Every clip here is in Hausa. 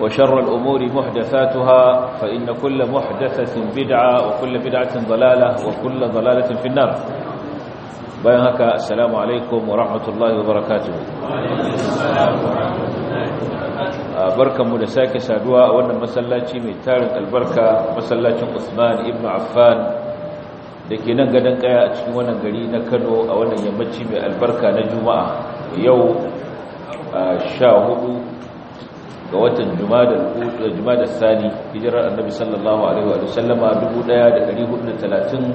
وشر الأمور محدثاتها فإن كل محدثة بدعة وكل بدعة ضلالة وكل ضلالة في النار بيان السلام عليكم ورحمة الله وبركاته barkanmu da sake saduwa a wannan masallaci mai tarin albarka masallacin Usman ibn Affan da ke nan gadon kaya a cikin wannan gari na Kano a wannan yammaci mai albarka na Juma'a yau 14 ga watan da sani hijirar annabi sallallahu alaihi wa sallama 1439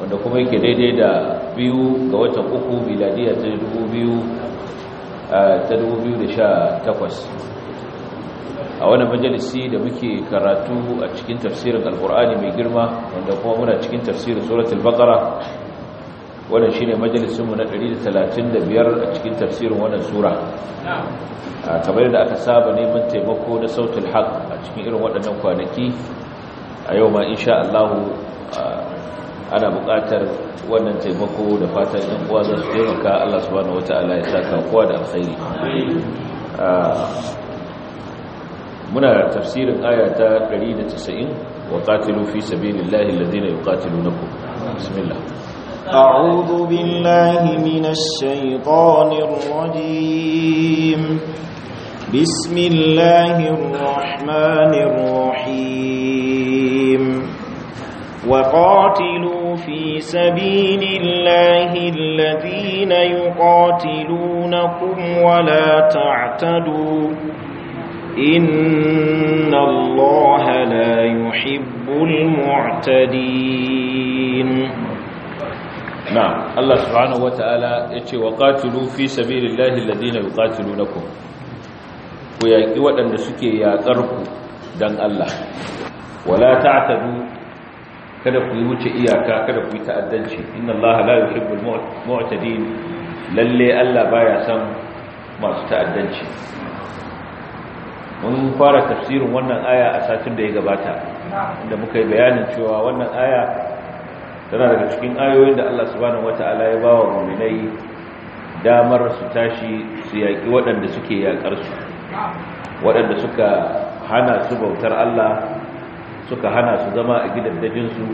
wanda kuma yake daidai da biyu ga watan uku miladiya ta 2018 a wani majalisi da muke karatu a cikin tafsirin alkur'ani mai girma wanda kuma muna cikin tafsirin suratul baqara wannan shine majalisinmu na 135 a cikin tafsirin wannan sura kamar yadda aka saba neman taimako da sautul haq a cikin irin waɗannan kwanaki a yau ma insha Allah ana buƙatar wannan taimako da fatan ɗan uwa za su taimaka Allah subhanahu wataala ya saka kowa da alkhairi muna tafsirin aya ta 190 wa qatilu fi sabilillahi alladhina yuqatilunakum bismillah أعوذ بالله من الشيطان الرجيم بسم الله الرحمن الرحيم وقاتلوا في سبيل الله الذين يقاتلونكم ولا تعتدوا إن الله لا يحب المعتدين نعم الله سبحانه وتعالى يقول وقاتلوا في سبيل الله الذين يقاتلونكم ku yaƙi waɗanda suke yaƙar ku don Allah wala ta'tadu kada ku yi wuce iyaka kada ku yi ta'addanci inna Allah la yuhibbul mu'tadin lalle Allah baya son masu ta'addanci mun fara tafsirin wannan aya a satin da ya gabata inda muka yi bayanin cewa wannan aya tana daga cikin ayoyin da Allah subhanahu wata'ala ya bawa wa muminai damar su tashi su yaƙi waɗanda suke yaƙar su waɗanda suka hana su bautar Allah suka hana su zama a gidaddajinsu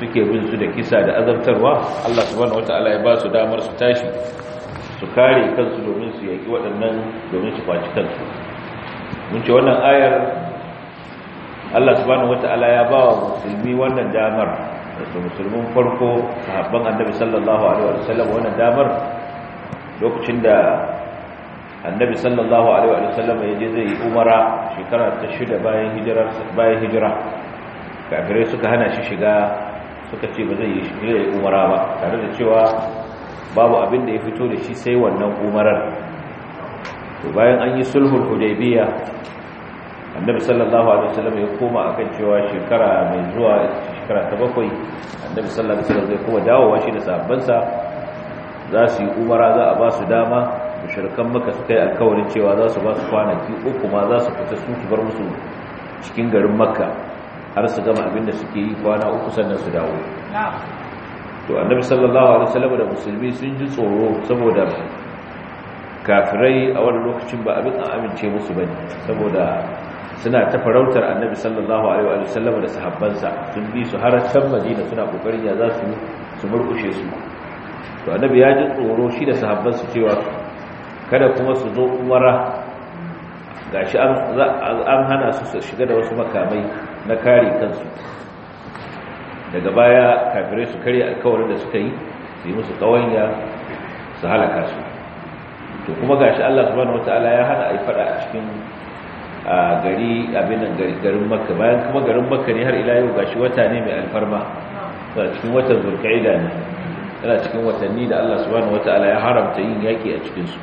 suke bin su da kisa da azabtarwa Allah subhanahu wataala ya ba su damar su tashi su kare kansu domin su yaki waɗannan domin su faci kansu mun ce wannan ayar Allah subhanahu wataala ya ba wa musulmi wannan damar da musulmin farko sahabban annabi sallallahu alaihi wasallam wannan damar lokacin da annabi sallallahu alaihi wa sallam ya je zai yi umara shekara ta shida bayan hijira bayan hijira su suka hana shi shiga suka ce ba zai yi umara ba tare da cewa babu abin da ya fito da shi sai wannan umarar to bayan an yi sulhul hudaybiya annabi sallallahu alaihi wa sallam ya koma akan cewa shekara mai zuwa shekara ta bakwai annabi sallallahu alaihi wa sallam zai kuma dawowa shi da sabbansa za su yi umara za a ba su dama shirkan maka su kai alkawarin cewa za su ba su kwanaki uku ma za su fita su bar musu cikin garin makka har su gama abin da suke yi kwana uku sannan su dawo to annabi sallallahu alaihi wasallam da musulmi sun ji tsoro saboda kafirai a wani lokacin ba abin an amince musu bane saboda suna ta farautar annabi sallallahu alaihi wasallam da sahabbansa sun bi su har can madina suna kokarin ya za su su murkushe su to annabi ya ji tsoro shi da sahabbansa cewa kada kuma su zo umara gashi an hana su su shiga da wasu makamai na kare kansu daga baya kafirai su karya alkawarin da suka yi su yi musu kawanya su halaka su to kuma gashi Allah subhanahu wataala ya hana ai fada a cikin gari abin nan garin Makka bayan kuma garin Makka ne har ila yau shi wata ne mai alfarma a cikin watan Zulqa'ida ne yana cikin watanni da Allah subhanahu wataala ya haramta yin yaƙi a cikinsu.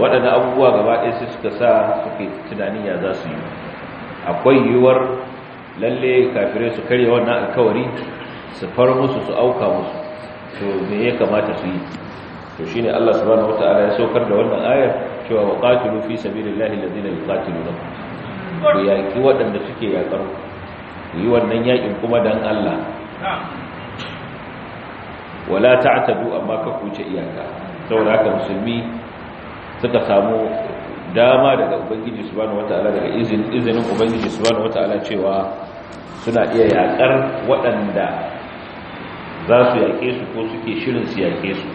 waɗanda abubuwa gaba ɗaya sai suka sa suke tunanin ya za su yi akwai yiwuwar lalle kafirai su karya wannan alkawari su far musu su auka musu to me ya kamata su yi to shine Allah subhanahu wataala ya saukar da wannan ayar cewa wa qatilu fi sabilillahi alladhina yuqatilunakum ku Yaƙi waɗanda suke yakar ku yi wannan yakin kuma dan Allah wala ta'tadu amma ka kuce iyaka saboda haka musulmi suka samu dama daga ubangiji subhanahu wataala daga izinin ubangiji subhanahu wataala cewa suna iya yakar waɗanda za su yake su ko suke shirin su yake su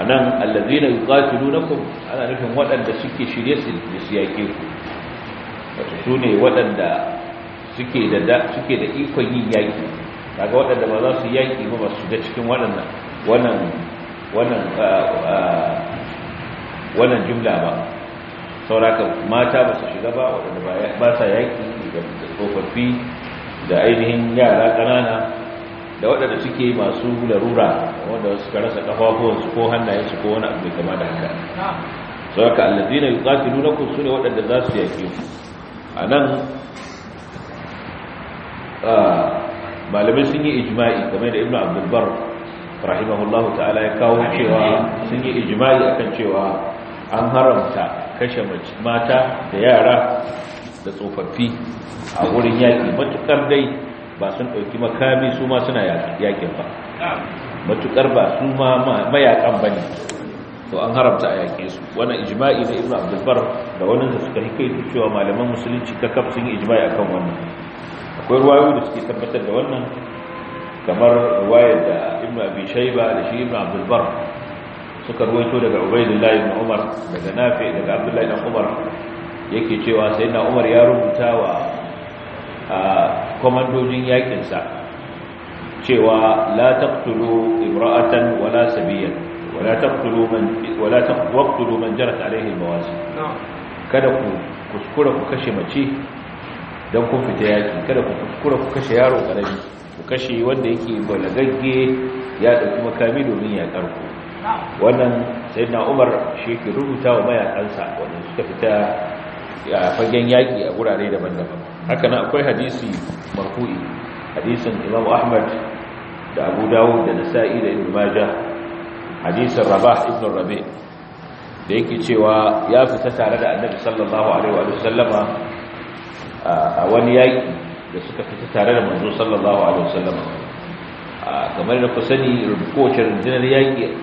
anan allazina yuqatilunakum ana nufin waɗanda suke shirye su su yake ku wato sune waɗanda suke da suke da ikon yin yaki kaga waɗanda ba za su yaki ba ba su ga cikin waɗannan wannan wannan ah, ah, wannan jumla ba sauraka mata ba su shiga ba waɗanda ba sa yaki, da tsofaffi da ainihin yara ƙanana da waɗanda suke masu larura wanda ka rasa ƙafafuwansu ko hannayensu ko wani abu mai kama da haka sauraka allazina su ne waɗanda za su yaki a nan malamai sun yi ijma'i game da ibnu Abdulbar bar rahimahullahu ta'ala ya kawo cewa sun yi ijma'i akan cewa an haramta kashe mata da yara da tsofaffi a wurin yaƙi matuƙar dai ba sun ɗauki makami su ma suna yaƙin ba matuƙar ba su ma mayaƙan ba ne to an haramta a yaƙe su Wani ijma'i na ibn abdulbar da wani da suka hikai cewa malaman musulunci ta kaf sun yi ijma'i akan wannan akwai ruwayo da suke tabbatar da wannan kamar ruwayar da ibn abi shaiba da shi ibn abdulbar suka ruwaito daga Ubaydullah ibn Umar daga Nafi daga Abdullah ibn Umar yake cewa sai na Umar ya rubuta wa komandojin yakin sa cewa la taqtulu imra'atan wala sabiyan wala taqtulu man wala taqtulu man jarat alayhi mawasi kada ku kuskura ku kashe mace don kun fita yaki kada ku kuskura ku kashe yaro karami ku kashe wanda yake balagagge ya dauki makami domin ya karku wannan sai na umar shi ke rubuta wa mayakansa wanda suka fita a fagen yaƙi a wurare daban-daban haka na akwai hadisi marfu'i hadisin imam ahmad da abu dawud da nasa'i da ibn majah hadisin rabah ibn rabe da yake cewa ya fita tare da annabi sallallahu alaihi wa sallama a wani yaƙi da suka fita tare da manzo sallallahu alaihi wa sallama kamar da ku sani kowace rundunar yaƙi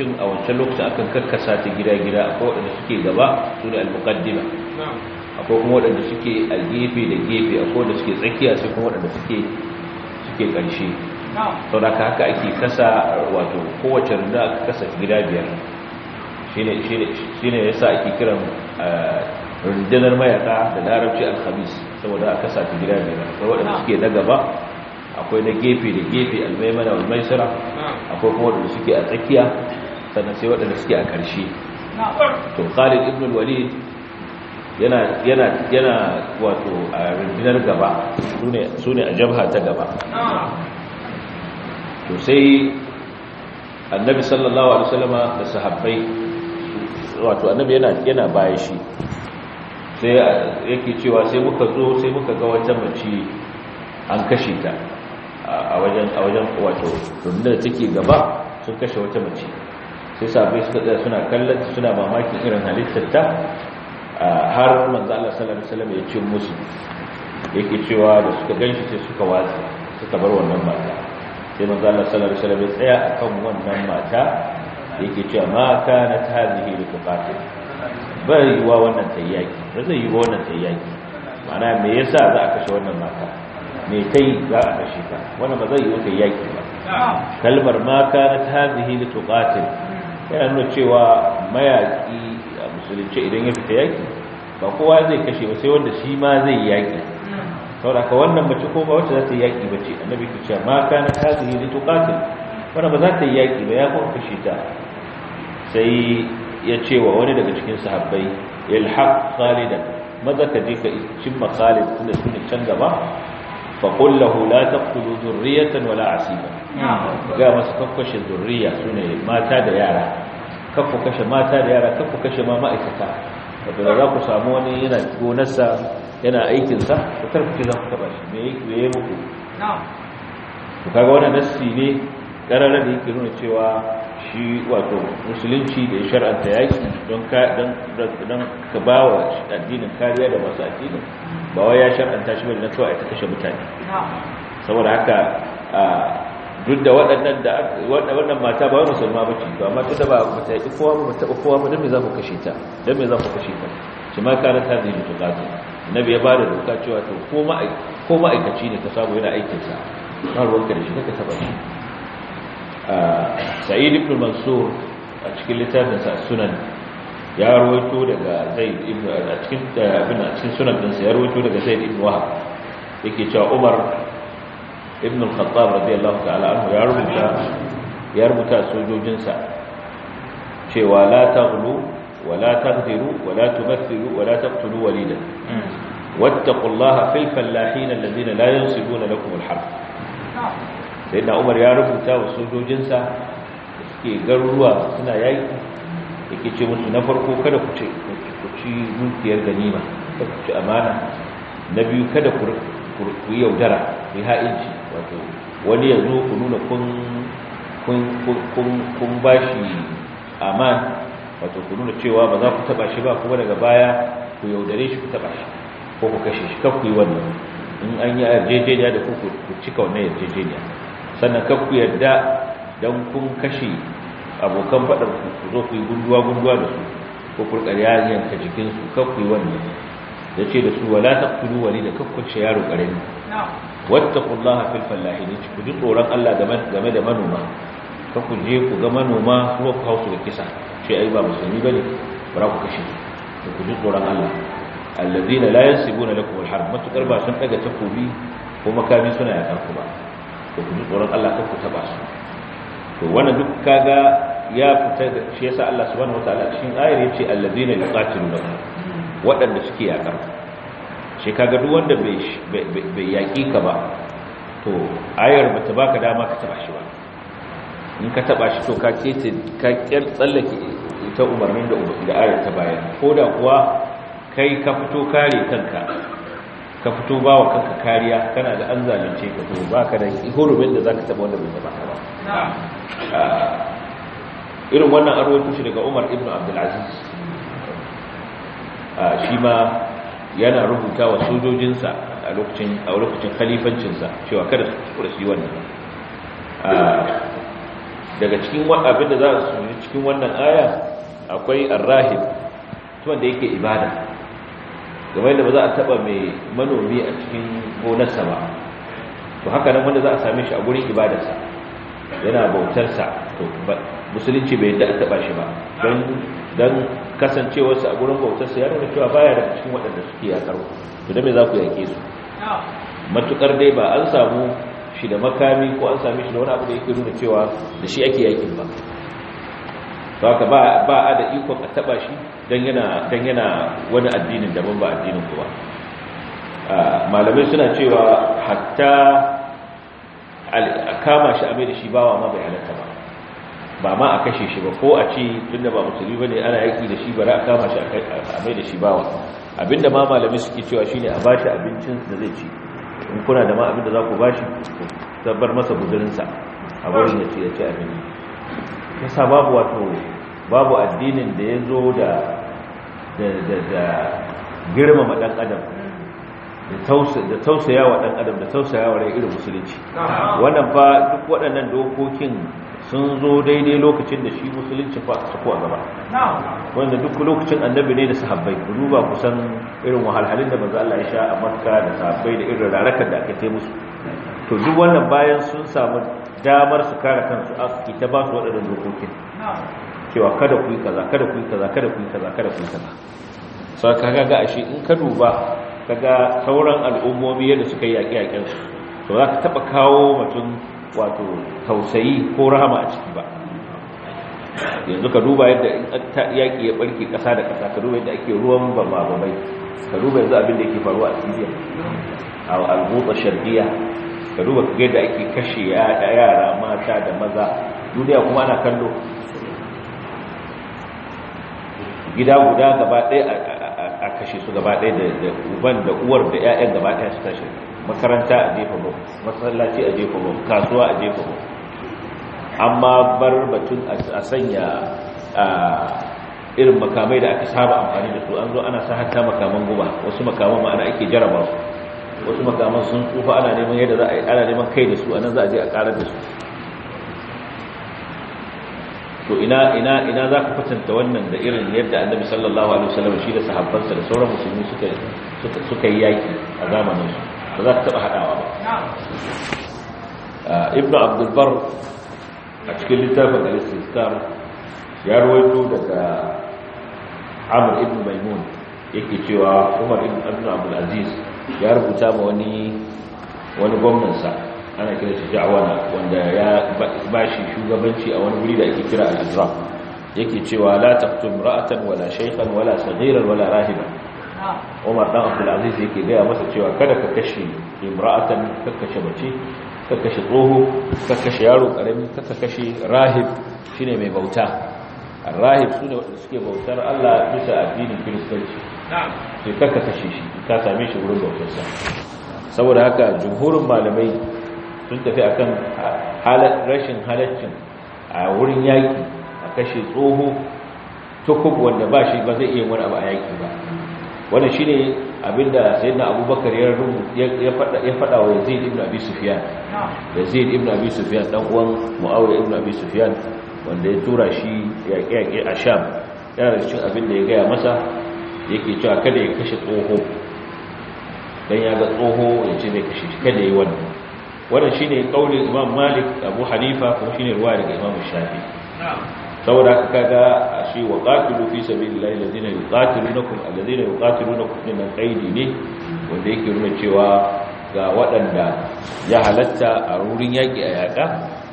cikin a wancan lokacin akan karkasa ta gida-gida akwai waɗanda suke gaba su ne al-muqaddima akwai kuma waɗanda suke a gefe da gefe akwai waɗanda suke tsakiya sai kuma waɗanda suke suke ƙarshe sau da haka ake kasa wato kowace runda aka kasa gida biyar shi ne ya sa ake kiran rundunar mayaka da larabci alhamis saboda a kasa gida biyar akwai waɗanda suke na gaba akwai na gefe da gefe almaimana almaisara akwai kuma waɗanda suke a tsakiya sannan sai waɗanda suke a ƙarshe to khalid ibn walid yana yana yana wato a rundunar gaba su ne a jabha ta gaba to sai annabi sallallahu alaihi wasallama da sahabbai wato annabi yana yana baya shi sai yake cewa sai muka zo sai muka ga wata mace an kashe ta a wajen a wajen wato rundunar take gaba sun kashe wata mace sai sabai suka tsaya suna kallon suna mamakin irin halittar har manzo Allah sallallahu alaihi wasallam ya ce musu yake cewa da suka ganshi sai suka watsi suka bar wannan mata sai manzo Allah sallallahu alaihi wasallam ya tsaya akan wannan mata yake cewa ma kanat hadhihi liqatil bai wa wannan tayyaki ba zai yi wa wannan tayyaki ma'ana me yasa za a kashe wannan mata me kai za a kashe ta wannan ba zai yi wata ba kalmar ma kanat hadhihi liqatil yana nuna cewa mayaki a musulunci idan ya fita yaki ba kowa zai kashe ba sai wanda shi ma zai yaƙi saboda ka wannan mace ko ba wacce za ta yi yaƙi ba ce annabi ke cewa ma kana hazihi li tuqatil wanda ba za ta yi yaƙi ba ya kuma kashe ta sai ya ce wa wani daga cikin sahabbai ilhaq khalidan maza ka je ka cimma khalid tunda su can gaba faƙul lahu ta taqtulu zurriyatan wala asiba ga masu kakkashe zurriya sune mata da yara kakku kashe mata da yara kakku kashe ma ma'aikata wato da za ku samu wani yana gonarsa yana aikinsa ku tarkuce za ku taɓa shi me ya yi muku ku kaga wani nassi ne ƙararra da yake nuna cewa shi wato musulunci da ya shar'anta yaki don ka ba wa addinin kariya da masu addinin ba wa ya shar'anta shi bane na kawai ta kashe mutane saboda haka duk da waɗannan da waɗannan mata ba wai musulma ce ba amma da ba mu ta yi kowa mu taɓa kowa mu dan me za mu kashe ta dan me za mu kashe ta shi ma kana ta zai to gato nabi ya ba da doka cewa to ko ma ko ma'aikaci ne ka samu yana aikin sa har wanka da shi kaka taba shi sa'id ibn mansur a cikin littafin sa sunan ya rawaito daga zaid ibn a cikin abin a cikin sunan din sa ya rawaito daga zaid ibn wahab yake cewa umar ibn al-khattab radiyallahu ta'ala anhu ya rubuta ya rubuta sojojinsa cewa la taghlu wa la taghdiru wa la tumathilu wa la taqtulu walida wattaqullaha fil fallahin alladhina la yansibuna lakum al-harb sai da umar ya rubuta wa sojojinsa da suke garuruwa suna yaƙi ke ce musu na farko kada ku ce ku ci dukiyar ganima kada ku ci amana na biyu kada ku yi yaudara ku yi ha'inci wato wani ya zo ku nuna kun ba shi aman wato ku nuna cewa ba za ku taba shi ba kuma daga baya ku yaudare shi ku taba shi ko ku kashe shi kan ku yi wannan in an yi yarjejeniya da ku ku cika wannan yarjejeniya sannan kakku yadda don kun kashe abokan faɗar ku zo ku yi gunduwa-gunduwa da su ko ku yanka jikinsu kakku yi wannan da ce da su wala ta kudu wani da kakku ce yaro ƙarami wata kullaha fil fallahi ne ku ji tsoron allah game da manoma kakku je ku ga manoma kuma ku hausu da kisa ce ai ba musulmi ba ne bara ku kashe su ku ji tsoron allah allazina la yansibuna lakum alharb matukar ba sun daga takobi ko makami suna yaƙar ku ba da ku tsoron Allah kan ku ba su to wannan duk kaga ya fita shi yasa Allah subhanahu wataala shi ayar yace allazina yuqatiluna waɗanda suke yakar shi kaga duk wanda bai yaki ka ba to ayar bata baka dama ka taba shi ba in ka taba shi to ka kete ka tsallake ta umarnin da da ayar ta bayar ko da kuwa kai ka fito kare kanka ka fito ba wa kanka kariya kana da an zalunce ka zo ba ka da hurumin da za ka taɓa wanda bai taɓa ka ba ah, irin wannan an rawaito shi daga umar ibn abdulaziz ah, shi ma yana rubuta wa sojojinsa a lokacin khalifancinsa cewa kada su tura shi wannan ah, daga cikin abin da za su cikin wannan aya akwai arrahim tuwan da yake ibada game da ba za a taba mai manomi a cikin gonarsa ba to haka nan wanda za a same shi a gurin ibadarsa yana bautarsa to musulunci bai yadda a taba shi ba don don kasancewarsa a gurin bautarsa ya nuna cewa baya da cikin waɗanda suke yakar to da me za ku yake su matukar dai ba an samu shi da makami ko an same shi da wani abu da yake nuna cewa da shi ake yakin ba saka ba ba a da ikon a taba shi dan yana dan yana wani addinin daban ba addinin ku ba malamai suna cewa hatta kama shi a mai da shi bawa ma bai halatta ba ba ma a kashe shi ba ko a ce tunda ba musulmi bane ana yaki da shi bara a kama shi a mai da shi bawa abinda ma malamai suke cewa shine a bashi abincin da zai ci in kuna da ma abinda za ku bashi ku tabbar masa guzurinsa a wurin da ce ya ci abinci yasa babu wato babu addinin da ya zo da girmama ɗan adam da tausaya wa ɗan adam da tausaya wa rai irin musulunci wannan fa duk waɗannan dokokin sun zo daidai lokacin da shi musulunci fa su a gaba wanda duk lokacin annabi ne da sahabbai ku duba kusan irin wahalhalin da maza Allah ya sha a Makka da sahabbai da irin rarakan da aka taimusu to duk wannan bayan sun samu damar su kare kansu a suke ta ba su waɗannan dokokin cewa kada ku yi kaza kada ku yi kaza kada ku yi kaza kada ku yi kaza sau ka ga ashe in ka duba ka ga sauran al'ummomi yadda suka yi yaƙi yaƙin su to za ka taɓa kawo mutum wato tausayi ko rahama a ciki ba yanzu ka duba yadda yaƙi ya ɓarke ƙasa da ƙasa ka duba yadda ake ruwan bababai ka duba yanzu abin da yake faruwa a siriya a al'ummar shardiya ka duba ka da ake kashe yara mata da maza duniya kuma ana kallo gida guda gaba ɗaya a kashe su gaba ɗaya da uban da uwar da 'ya'yan gaba ɗaya su kashe makaranta a jefa masallaci a jefa kasuwa a jefa amma bar batun a sanya irin makamai da aka saba amfani da su an zo ana sa hatta makaman guba wasu makaman ma'ana ake jarabawa wasu makaman sun tsufa ana neman yadda za a yi ana neman kai da su nan za a je a karar da su to ina za ka kwatanta wannan da irin yadda annabi sallallahu alaihi wasallam shi da sahabbansa da sauran musulmi suka yi yaki a zamanin su ba za ka taɓa haɗawa ba ah, Ibn abdul a cikin littafin al-istizkar ya rawaito daga amr ibn maimun yake cewa umar ibn abdul ya rubuta ma wani wani gwamnansa ana kira shi ja'wana wanda ya ba shi shugabanci a wani wuri da ake kira al-azra yake cewa la taqtum ra'atan wala shaykhan wala saghiran wala rahiban Umar dan Abdul Aziz yake gaya masa cewa kada ka kashe imra'atan ka kashe mace ka kashe tsoho ka kashe yaro karami ka kashe rahib shine mai bauta rahib sune wanda suke bautar Allah bisa addinin Kiristanci sai kaka kashe shi ka same shi wurin bautarsa saboda haka jumhurin malamai sun tafi akan rashin halaccin a wurin yaki a kashe tsoho tukub wanda ba shi ba zai iya wani abu a yaki ba wanda shine abinda sayyidina abubakar ya faɗawa ya fada wa yazid ibn abi ibn abi dan uwan muawiya ibn abi wanda ya tura shi yaƙe-yaƙe a sham yana da cikin abinda ya gaya masa yake cewa kada ya kashe tsoho dan ya ga tsoho ya ce zai kashe shi kada yi wannan wannan shine kaulin imam malik abu hanifa kuma shine ruwa daga imam shafi saboda haka kaga shi wa qatilu fi sabilillahi alladhina yuqatilunakum alladhina yuqatilunakum min qaidi ne wanda yake nuna cewa ga waɗanda ya halatta a rurin yaƙi a yaƙa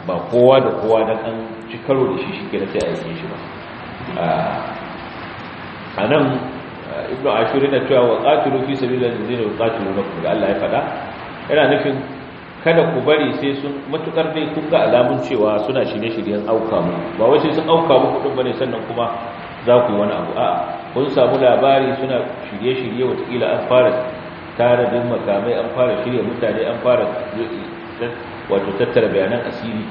ba kowa da kowa dan an ci karo da shi shi ke sai a yake shi ba a nan ibnu ashur yana cewa wa qatilu fi sabilillahi allazina yuqatilunakum da Allah ya faɗa yana nufin kada ku bari sai sun matukar dai kun ga alamun cewa suna shirye-shiryen auka mu ba wai sai sun auka mu kudin bane sannan kuma za ku yi wani abu a'a kun samu labari suna shirye-shirye watakila an fara tara makamai an fara shirye mutane an fara wato tattara bayanan asiri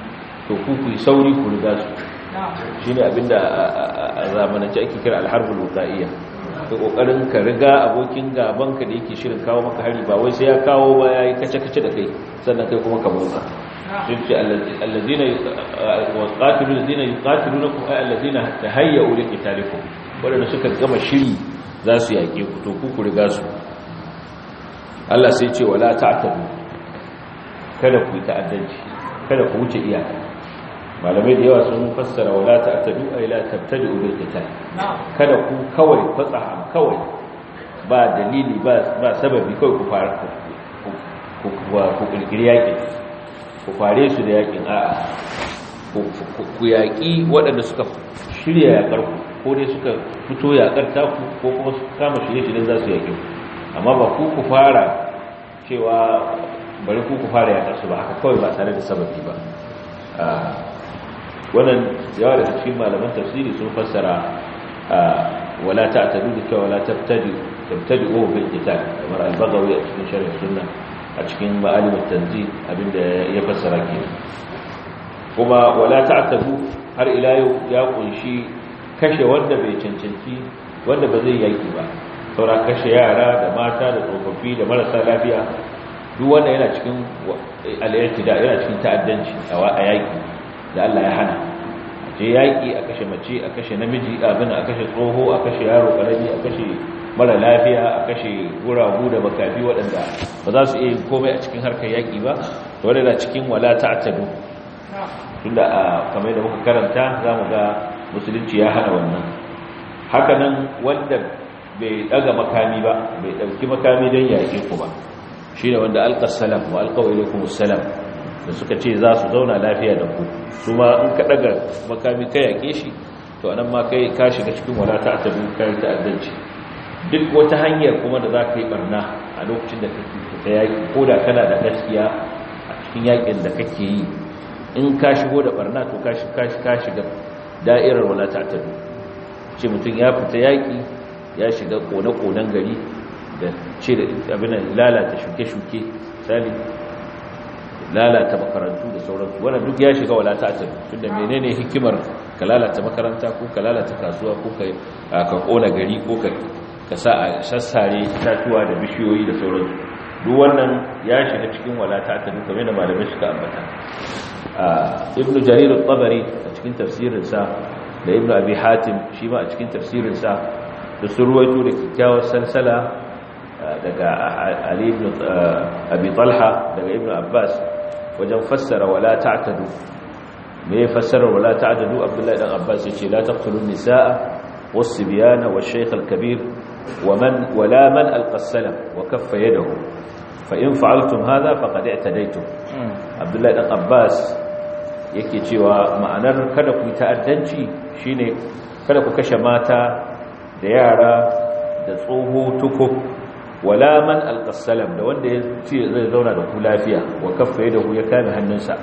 to ku ku yi sauri ku riga su shine abinda a zamanance ake kira alharbul wuqa'iyya Ka kokarin ka riga abokin gaban ka da yake shirin kawo maka hari ba wai sai ya kawo ba yayi kace kace da kai sannan kai kuma ka motsa yace alladina yuqatiluna alladina yuqatilunakum ay alladina tahayyu liqitalikum wadanda suka gama shiri za su yake ku to ku riga su Allah sai ce wala ta'tabu kada ku yi ta'addanci kada ku wuce iyaka malamai da yawa sun fassara wala ta'tadu ay la tabtadu bil qital kada ku kawai a kawai ba dalili ba ba sababi kawai ku fara ku ku kirkiri yakin ku fare su da yakin a'a ku yaƙi waɗanda suka shirya yaƙar ku ko dai suka fito yaƙar ku ko kuma su kama shirye-shiryen za su yaƙi amma ba ku ku fara cewa bari ku ku fara yaƙar su ba haka kawai ba tare da sababi ba ah, wannan yawa da cikin malaman tafsiri sun fassara wala ta ta'tadu bika wala ta tabtadi tabtadi'u bil qital kamar al-baghawi a cikin sharh sunna a cikin ma'alim at-tanzil abinda ya fassara ke kuma wala ta ta'tadu har ila yau ya kunshi kashe wanda bai cancanci wanda ba zai yaki ba saura kashe yara da mata da tsofaffi da marasa lafiya duk wanda yana cikin al-i'tida yana cikin ta'addanci a yaki da Allah ya hana a je yaƙi a kashe mace a kashe namiji abin a kashe tsoho a kashe yaro ƙarami a kashe mara lafiya a kashe guragu da makafi waɗanda ba za su iya komai a cikin harkar yaƙi ba da wadanda cikin wala ta'tadu tunda a kamar da muka karanta za mu ga musulunci ya hana wannan hakanan wanda bai daga makami ba bai ɗauki makami don yaƙi ku ba shi ne wanda alƙasalam wa alƙawai kuma salam da suka ce za su zauna lafiya da ku su ma in ka daga makami ka yake shi to anan ma kai ka shiga cikin walata a tabi kai ta'addanci duk wata hanyar kuma da za ka yi barna a lokacin da kake fita yaƙi ko da kana da gaskiya a cikin yaƙin da kake yi in ka shigo da barna to ka shiga da'irar walata ta ce mutum ya fita yaki ya shiga kone-konen gari da ce da abin lalata shuke-shuke misali lalata makarantu da sauransu wannan duk ya shiga walata ta tunda menene hikimar ka lalata makaranta ko ka lalata kasuwa ko ka ka kona gari ko ka ka sa a sassare tatuwa da bishiyoyi da sauransu duk wannan ya shiga cikin walata ta duka mai da malamai suka ambata ibnu jarir al-tabari a cikin tafsirin sa da ibnu abi hatim shi ma a cikin tafsirin sa da surwaito da kyakkyawar salsala daga Ali ibn Abi Talha daga Ibn Abbas wajen fassara wala ta'tadu me ya fassara wala ta'tadu abdullahi dan abbas yace la taqtulun nisaa was sibyana wash shaykh kabir wa man wala man alqa salam wa kaffa yadahu fa in fa'altum hadha faqad i'tadaytum hmm. abdullahi dan abbas yake cewa ma'anar kada ku ta'addanci shine kada ku kashe mata da yara da tsoho tuku. wala man alqassalam da wanda ya ce zai zauna da ku lafiya wa kaffa ku ya kame hannunsa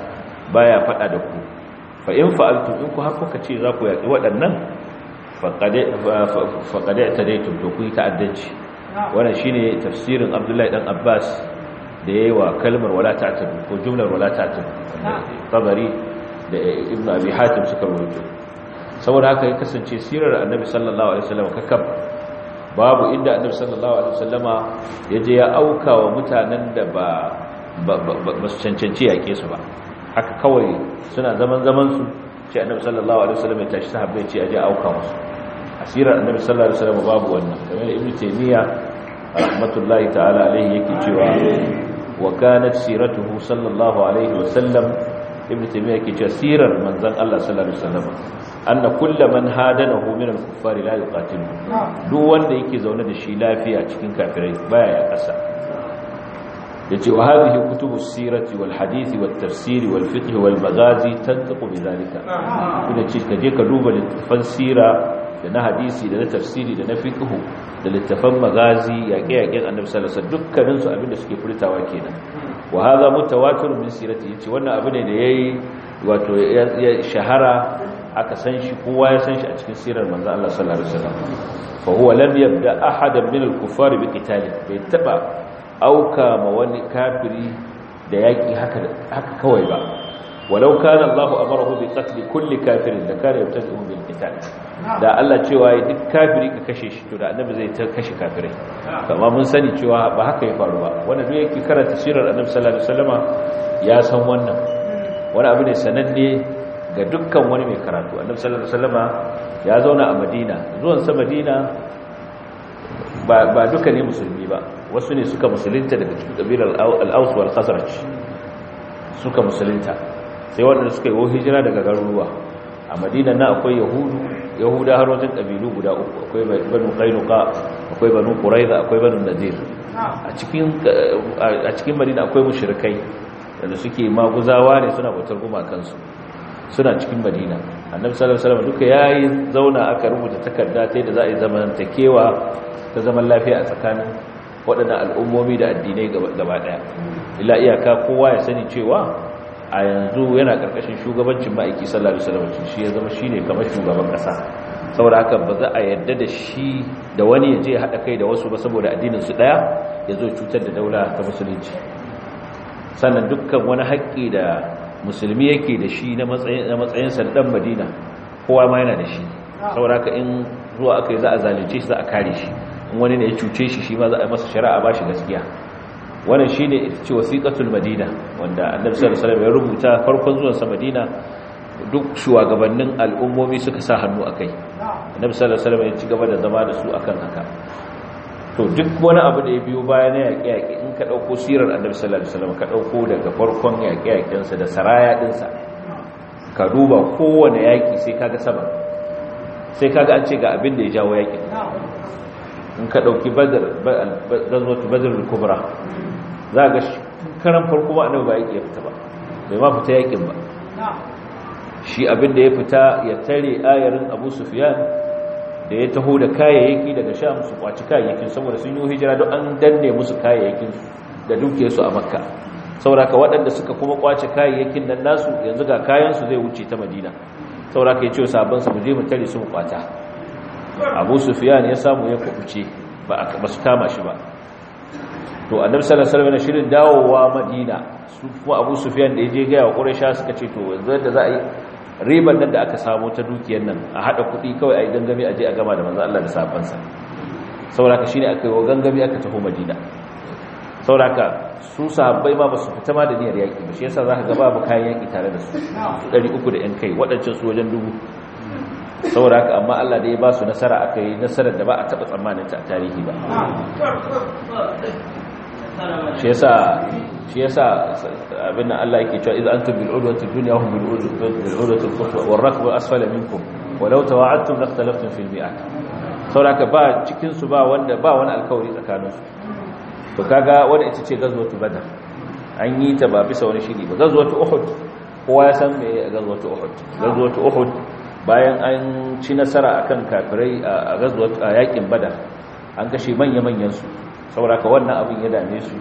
baya fada da ku fa in fa'altum in ku har kuka ce za ku yaki waɗannan faqad ta ta'tadaytum tuntun ku yi ta'addanci wannan shine tafsirin Abdullahi dan Abbas da yayi wa kalmar wala ta'tadu ko jumlar wala ta'tadu tabari da ibnu abi hatim suka rubuta saboda haka ya kasance sirar annabi sallallahu alaihi wasallam kakab babu inda annabi sallallahu alaihi wasallama ya je ya auka wa mutanen da ba ba su cancanci yake su ba haka kawai suna zaman zaman su ce annabi sallallahu alaihi wasallam ya tashi sahabbai ce aje auka musu asirar annabi sallallahu alaihi wasallam babu wannan kamar ibnu taymiya rahmatullahi ta'ala alaihi yake cewa wa kanat siratuhu sallallahu alaihi wasallam ibnu taymiya ke cewa sirar manzon Allah sallallahu alaihi wasallam anna kullu man hadanahu min al-kuffari la yuqatilu duk wanda yake zaune da shi lafiya cikin kafirai baya ya kasa yace wa hadhihi kutubu sirati wal hadisi wat tafsiri wal fiqh wal maghazi tantaqu bidhalika kuma ce ka je ka duba littafan sira da na hadisi da na tafsiri da na fiqh da littafan magazi yake yaƙen annabi sallallahu alaihi wasallam dukkanin su abinda suke furtawa kenan wa hadha mutawatir min sirati yace wannan abu ne da yayi wato ya shahara aka san shi kowa ya san shi a cikin sirar manzo Allah sallallahu alaihi wasallam fa huwa lam yabda ahadan min al-kuffar bi qitali bai taba auka ma wani kafiri da yaki haka haka kawai ba walau kana Allah amarahu bi qatl kulli kafirin da kana yabtadi'u bil qital da Allah cewa duk kafiri ka kashe shi to da annabi zai ta kashe kafirai amma mun sani cewa ba haka ya faru ba wanda duk yake karanta sirar annabi sallallahu alaihi wasallama ya san wannan wani abu ne sananne ga dukkan wani mai karatu annabi sallallahu alaihi wasallama ya zauna a Madina zuwan sa Madina ba ba duka ne musulmi ba wasu ne suka musulunta daga cikin kabilar al-Aws wal Khazraj suka musulunta sai waɗanda suka yi hijira daga garuruwa a madina na akwai yahudu yahuda har wajen ƙabilu guda uku akwai banu kainuka akwai banu Ƙuraiza, akwai banu nadir a cikin madina akwai mushirkai da suke maguzawa ne suna bautar gumakansu suna cikin madina annabi sallallahu alaihi wasallam duka yayi zauna aka rubuta takarda ta da za a yi takewa ta zaman lafiya a tsakanin waɗannan al'ummomi da addinai gaba ɗaya ila iyaka kowa ya sani cewa a yanzu yana karkashin shugabancin ma'aiki sallallahu alaihi wasallam shi ya zama shine kamar shugaban kasa saboda haka ba za a yarda da shi da wani ya je ya hada kai da wasu ba saboda addinin su daya ya zo cutar da daula ta musulunci sannan dukkan wani haƙƙi da musulmi yake da shi na matsayin dan madina kowa ma yana da shi saboda haka in zuwa aka za a zalunce shi za a kare shi in wani ne ya cuce shi shi ma za a masa shari'a ba shi gaskiya wannan shine ita ce wasiqatul madina wanda annabi sallallahu alaihi wasallam ya rubuta farkon zuwan sa madina duk shugabannin al'ummomi suka sa hannu akai annabi sallallahu alaihi wasallam ya ci gaba da zama da su akan haka to duk wani abu da ya biyo baya na yaƙe-yaƙe in ka ɗauko sirar annabi sallallahu alaihi wasallam ka ɗauko daga farkon yaƙe-yaƙensa da saraya ɗinsa ka duba kowane yaƙi sai kaga sama sai kaga an ce ga abin da ya jawo yaƙin in ka ɗauki gazuwatu badar kubra za ga karan farko ba annabi ba ke fita ba bai ma fita yakin ba shi abinda ya fita ya tare ayarin abu sufiyan da ya taho da kayayyaki daga sha musu kwaci kayayyakin saboda sun yi hijira don an danne musu kayayyakin da su a makka sauraka waɗanda suka kuma kwace kayayyakin nan nasu yanzu ga kayansu zai wuce ta madina sauraka yi ce sabon su mu je mu tare su mu kwata abu sufiyan ya samu ya kubuce ba su kama shi ba to annabi sallallahu alaihi wasallam shirin dawowa madina su kuma abu sufiyan da gaya wa quraisha suka ce to yanzu da za a yi ribar nan da aka samu ta dukiyar nan a haɗa kuɗi kawai a yi gangami a je a gama da manzo Allah da safansa saboda ka shine aka yi wa gangami aka tafi madina sauraka su sahabbai ma ba su fita ma da niyyar yaƙi ba shi yasa za ka gaba ba kayan yaƙi tare da su 300 da 'yan kai waɗancan su wajen dubu saboda haka amma Allah da ya ba su nasara aka yi nasarar da ba a taɓa tsammanin ta a tarihi ba shi yasa shi yasa abin da Allah yake cewa idan antum bil udwati dunya hum bil udwati al quswa wal rakbu asfala minkum walau tawa'adtum lakhtalaftum fil mi'at sauraka ba cikin su ba wanda ba wani alkawari tsakanin su to kaga wanda ita ce gazwatu badar an yi ta ba bisa wani shiri ba gazwatu uhud kowa ya san me gazwatu uhud gazwatu uhud bayan an ci nasara akan kafirai a a yakin bada an kashe manya-manyan su saboda ka wannan abin ya dame su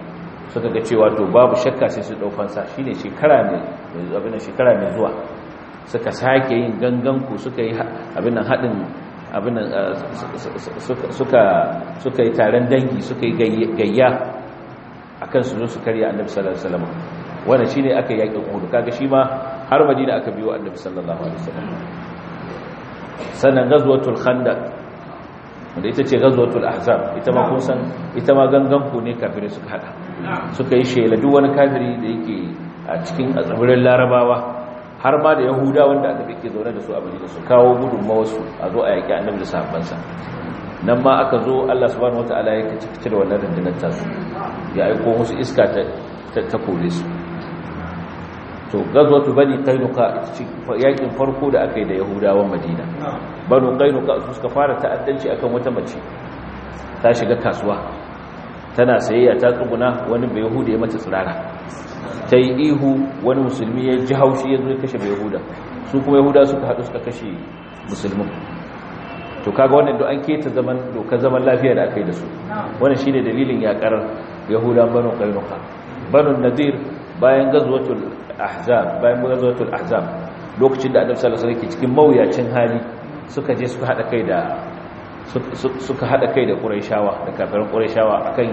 suka ga cewa to babu shakka sai su daukansa shi ne shekara mai zuwa suka sake yin gangan suka yi abin haɗin eh, suka yi taron dangi suka yi gayya a kan su zo su karya annabi sallallahu alaihi wasallam wannan shine aka yakin Uhud kaga shi ma har Madina aka biyo annabi sallallahu alaihi wasallam sannan gazwatul khandaq wanda ita ce gazwatul ahzab ita ma kun san ita ma gangan ku ne kafirai suka hada suka yi shela duk wani kafiri da yake a cikin tsibirin larabawa har ma da yahuda wanda aka dake zaune da su a madina su kawo gudun su a zo a yaki annabi da sa nan ma aka zo Allah subhanahu wataala ya kici da wannan rundunar tasu ya aiko musu iska ta ta kore su to gazwatu bani qainuqa yakin farko da aka yi da yahudawan madina banu kainuka su suka fara ta'addanci akan wata mace ta shiga kasuwa tana sayayya ta tsuguna wani bai yahuda ya mata tsirara ta yi ihu wani musulmi ya ji haushi ya zo ya kashe bai yahuda su kuma yahuda suka haɗu suka kashe musulmi to kaga wannan da an keta zaman doka zaman lafiya da aka yi da su wannan shine dalilin yakar yahuda banu qainuqa banu nadir bayan gazwatul ahzab bayan ghazwatul ahzab lokacin da annabi sallallahu alaihi wasallam cikin mawuyacin hali suka je suka hada kai da suka hada kai da quraishawa da kafirin quraishawa akan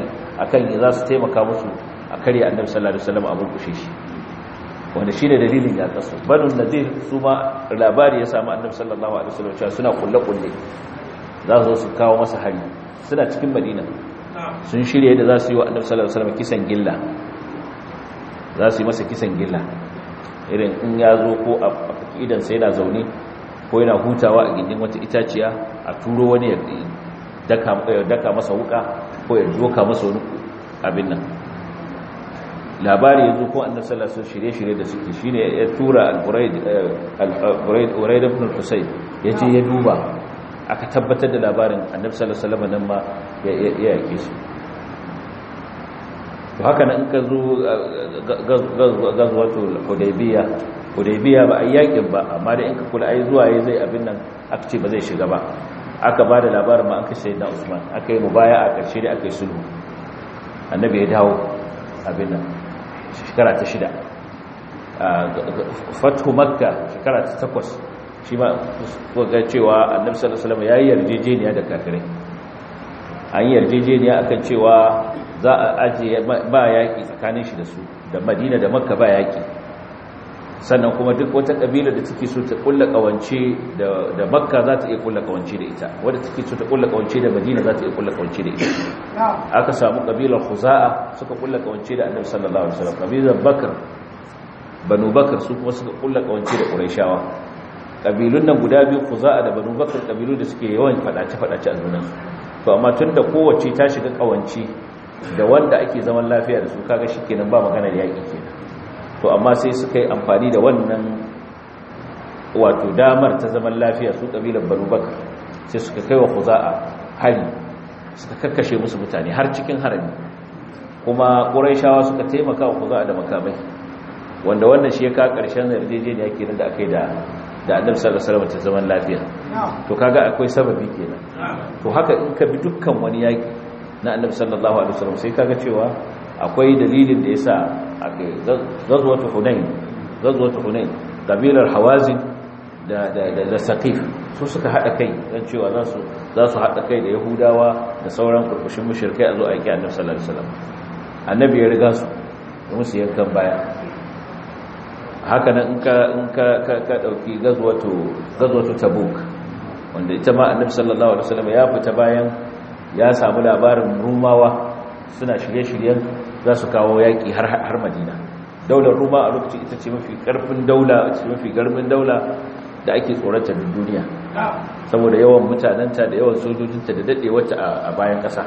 akan za su taimaka musu a kare annabi sallallahu alaihi wasallam a burkushe shi wanda shine dalilin ya kasu banu nadir su ma labari ya samu annabi sallallahu alaihi wasallam cewa suna kulle kulle za su su kawo masa hari suna cikin madina sun shirye da za su yi wa annabi sallallahu alaihi wasallam kisan gilla za su yi masa kisan gilla irin in ya zo ko a idan sai yana zaune ko yana hutawa a gindin wata itaciya a turo wani ya daka masa wuka ko ya doka masa wani abin nan labari zo ko an nasala sun shirye-shirye da suke shi ne ya tura al da al-Qurayd Qurayd ibn ya duba aka tabbatar da labarin annabi sallallahu alaihi wasallam nan ma ya yake su to haka nan ka zo eh, gazwatul hudaybiya hudaybiya ba ayyakin ba amma da in ka kula ai zuwa yayi zai abin nan akace ce ba zai shiga ba aka ba da labarin ma aka sayi na usman aka yi mubaya a ƙarshe da aka yi sulhu annabi ya dawo abin nan shekara ta shida ah, fathu makka shekara ta takwas shi ma ga cewa annabi sallallahu alaihi wasallam yayi yarjejeniya da kafirai an yi yarjejeniya akan cewa za a ajiye ba yaƙi tsakanin shi da su da madina da makka ba yaƙi sannan kuma duk wata ƙabila da take so ta ƙulla ƙawance da makka za ta iya ƙulla ƙawance da ita wadda take so ta ƙulla ƙawance da madina za ta iya ƙulla ƙawance da ita aka samu ƙabilar huza'a suka ƙulla ƙawance da annabi sallallahu alaihi wasallam ƙabilar bakar banu bakar su kuma suka ƙulla ƙawance da ƙurayshawa ƙabilun nan guda biyu huza'a da banu bakar ƙabilu da suke yawan faɗace-faɗace a zunansu to amma tun da kowace ta shiga ƙawance da wanda ake zaman lafiya da su kaga shi kenan ba maganar yaƙi kenan to amma sai suka yi amfani da wannan wato damar ta zaman lafiya su ƙabilar banu bakar sai suka kai wa kuza'a hari suka kakkashe musu mutane har cikin harami kuma ƙuraishawa suka taimaka wa kuza'a da makamai wanda wannan shi ya ka ƙarshen yarjejeniya kenan da aka yi da da annabi sallallahu alaihi wasallam ta zaman lafiya to kaga akwai sababi kenan to haka in ka bi dukkan wani yaki na annabi sallallahu alaihi wasallam sai kaga cewa akwai dalilin da yasa zazwatu hunain zazwatu hunain kabilar hawazin da da da saqif su suka hada kai dan cewa za su za su hada kai da yahudawa da sauran kurkushin mushrikai a zo aiki yake annabi sallallahu alaihi wasallam annabi ya riga su musu yankan baya haka nan in ka in ka ka ɗauki gazwatu tabuk wanda ita ma annabi sallallahu alaihi wasallam ya fita bayan ya samu labarin rumawa suna shirye-shiryen za su kawo yaƙi har madina daular ruma a lokaci ita ce mafi ƙarfin daula ce mafi ƙarfin daula da ake tsoratar da duniya saboda yawan mutanenta da yawan sojojinta da daɗe wata a bayan ƙasa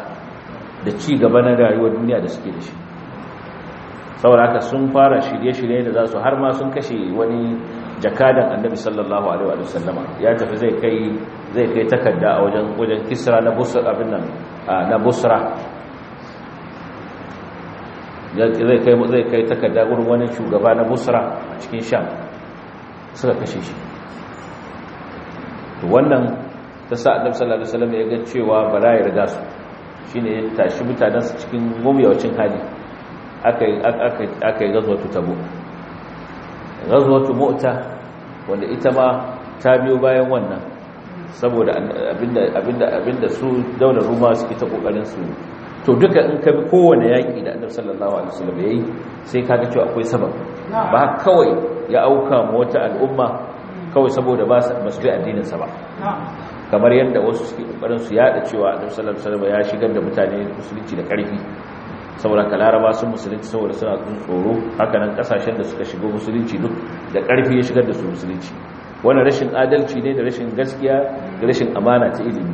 da ci gaba na rayuwar duniya da suke da shi saboda haka sun fara shirye-shirye da za su har ma sun kashe wani jakadan annabi sallallahu alaihi wa sallama ya tafi zai kai zai kai takarda a wajen wajen kisra na busra abin nan na busra zai kai zai kai takarda gurin wani shugaba na busra a cikin sham suka kashe shi to wannan ta sa annabi sallallahu alaihi wa sallama ya ga cewa bara ya riga su shine ya tashi mutanen su cikin mumyawacin hali akai akai akai gazo ta tabuk razwatu mu'ta wanda ita ma ta biyo bayan wannan saboda abinda abinda abinda su daular ruma suke ta kokarin su to duka in ka bi kowane yaki da annabi sallallahu alaihi wasallam yayi sai kaga cewa akwai sabab ba kawai ya auka mu wata al'umma kawai saboda ba su masu addinin sa ba kamar yadda wasu suke kokarin su yada cewa annabi sallallahu alaihi wasallam ya shigar da mutane musulunci da karfi saboda ka laraba sun musulunci saboda suna tun tsoro hakanan kasashen da suka shigo musulunci duk da ƙarfi ya shigar da su musulunci wani rashin adalci ne da rashin gaskiya da rashin amana ta ilimi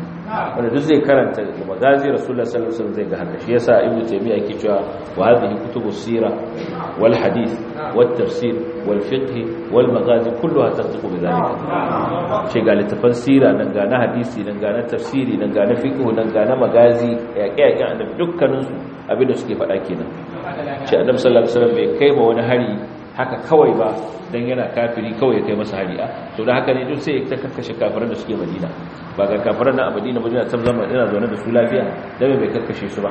wanda duk zai karanta da magazi rasulullah sallallahu alaihi wasallam zai ga haka shi yasa ibnu taymiya yake cewa wa hadhihi kutubu sira wal hadith wat tafsir wal fiqh wal magazi kulluha tasdiqu bi dhalika shi ga littafan sira nan ga na hadisi nan ga na tafsiri nan ga na fiqh nan ga na magazi yaƙe-yaƙe annabi dukkanin su abinda suke faɗa kenan ce adam sallallahu alaihi wasallam bai kai ma wani hari haka kawai ba dan yana kafiri kawai ya kai masa hari a to da haka ne duk sai ta karkashe kafiran da suke Madina ba ga kafiran na Madina Madina ta zama ina zaune da su lafiya da bai karkashe su ba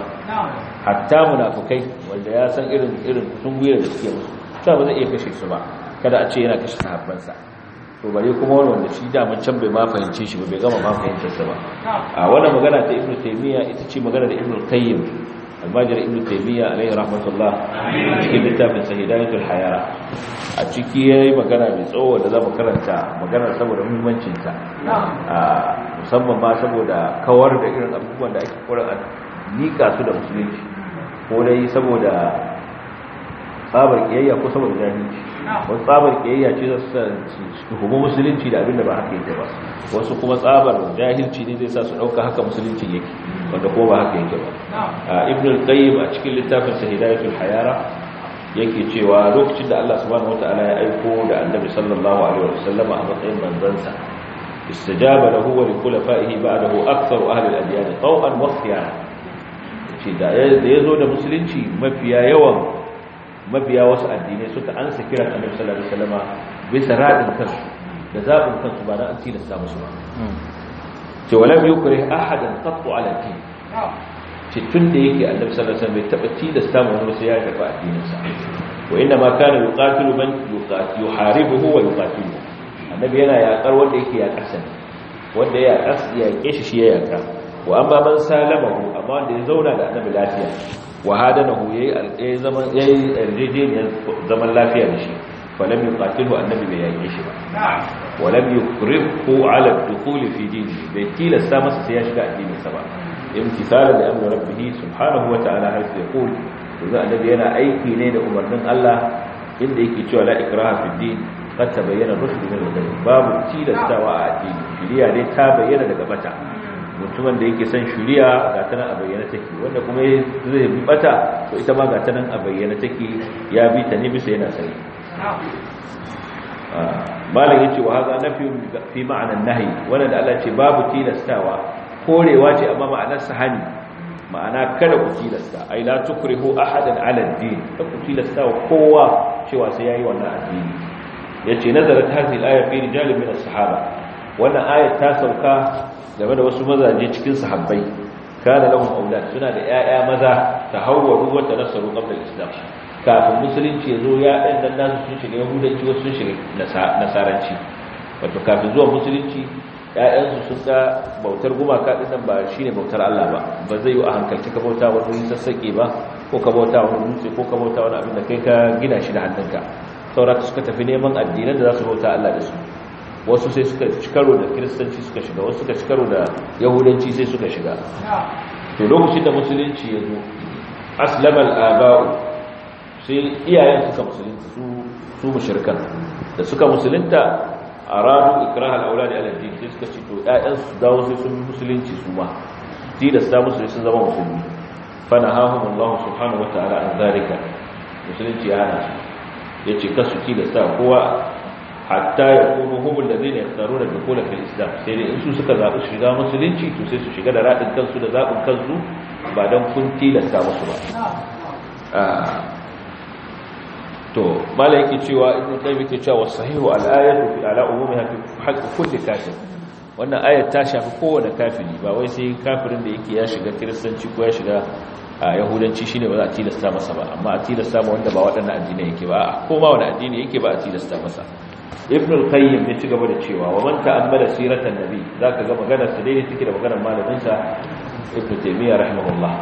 hatta munafikai wanda ya san irin irin sun guyar da suke musu to ba zai iya kashe su ba kada a ce yana kashe sa to bare kuma wani wanda shi da mun can bai ma fahimce shi ba bai gama ma shi ba a wannan magana ta Ibn Taymiyyah ita ce magana da Ibn Qayyim albajir ibn taymiya alayhi rahmatullah cikin littafin sa hidayatul hayara a ciki yayi magana mai tsawo da zamu karanta magana saboda muhimmancin ta musamman ma saboda kawar da irin abubuwan da ake koran nika su da musulunci ko dai saboda tsabar kiyayya ko saboda jahilci wasu tsabar kiyayya ce su tuhumi musulunci da abin da ba haka yake ba wasu kuma tsabar jahilci ne zai sa su ɗauka haka musulunci yake wanda ko ba haka yake ba a ibnul qayyim a cikin littafin sa hidayatul hayara yake cewa lokacin da Allah subhanahu wataala ya aiko da annabi sallallahu alaihi wasallama a matsayin manzansa istajaba lahu wa likhulafaihi ba'dahu aktharu ahli al-adyan taw'an wa khiyana ce da yazo da musulunci mafiya yawan mabiya wasu addinai suka ansa kiran annabi sallallahu alaihi wasallama bisa radin kansu da zabin kansu ba na an tilasta musu ba hmm. ce walam yukrih ahadan qattu ala din ce tun da yake annabi sallallahu alaihi wasallam bai taba tilasta mu wani sai ya karba addinin sa wa inna ma kana yuqatilu man yuqatilu yuharibuhu wa yuqatilu annabi yana yakar wanda yake yakar sa wanda ya yakar ya yake shi ya yakar wa amma man salamahu amma da ya zauna da annabi lafiya wa hadanahu yayi alƙai zaman yayi rijiyar zaman lafiya da shi falam yuqatilu annabi bai yake shi ba walam yukrihu ala dukhul fi dinihi bai tilasta masa sai ya shiga addinin sa ba imtisalan da amru rabbih subhanahu wa ta'ala har sai yaqul yanzu annabi yana aiki ne da umarnin Allah inda yake cewa la ikraha fi din qad tabayyana rushd min al-ghayb babu tilastawa a addini shiriya ne ta bayyana daga bata mutumin da yake son shiriya ga tana a bayyana take wanda kuma zai bata to ita ma ga tana a bayyana take ya bi ta ne bisa yana sani malam yace wa hadha nafi fi ma'na an-nahy da Allah ce babu tilastawa korewa ce amma ma'anar sahani ma'ana kada ku tilasta ai la tukrihu ahadan 'ala ad-din ku tilasta kowa cewa sai yayi wannan addini yace ta hadhihi al-aya fi na min as-sahaba wannan ayat ta sauka game da wasu mazaje cikin sahabbai kana lahum aulad suna da 'ya'ya maza tahawwaru wa tanassaru qabla al-islam kafin musulunci ya zo ya ɗan dan nasu sun shiga yahudanci wasu sun shiga nasaranci wato kafin zuwa musulunci ‘ya'yansu sun ga bautar gumaka ɗin ba shi ne bautar Allah ba ba zai yi a hankalci ka bauta wani sassaƙe ba ko ka bauta wani dutse ko ka bauta wani abin da kai ka gina shi da hannunka saurata suka tafi neman addinan da za su bauta Allah da su wasu sai suka ci karo da kiristanci suka shiga wasu suka ci karo da yahudanci sai suka shiga to lokacin da musulunci ya zo aslamal aba'u sai iyayen suka musulunta su su mushrikan da suka musulunta a ranar ikrahal al aladdin sai suka ci to ƴaƴan su dawo sai sun musulunci su ma da tilasta musu sun zama musulmi fana hahun Allah subhanahu ta'ala an zarika musulunci ya hana su ya ce kasu tilasta kowa hatta ya kuma hukun da zai ne tsaro da dukkan fil islam sai dai in su suka zaɓi shiga musulunci to sai su shiga da raɗin kansu da zaɓin kansu ba don kun tilasta musu ba ah. to malai yake cewa ibn qayyim yake cewa sahihu al-ayatu fi ala umumiha fi haqq kulli kafir wannan ayat ta shafi kowanne kafiri ba wai sai kafirin da yake ya shiga kiristanci ko ya shiga a yahudanci shine ba za a tilasta masa ba amma a tilasta ma wanda ba waɗannan addini yake ba ko ma wani addini yake ba a tilasta masa ibn al-qayyim ya ci gaba da cewa wa man ta'ammala siratan nabi zaka ga maganar sa daidai take da maganar malamin sa ibn taymiya rahimahullah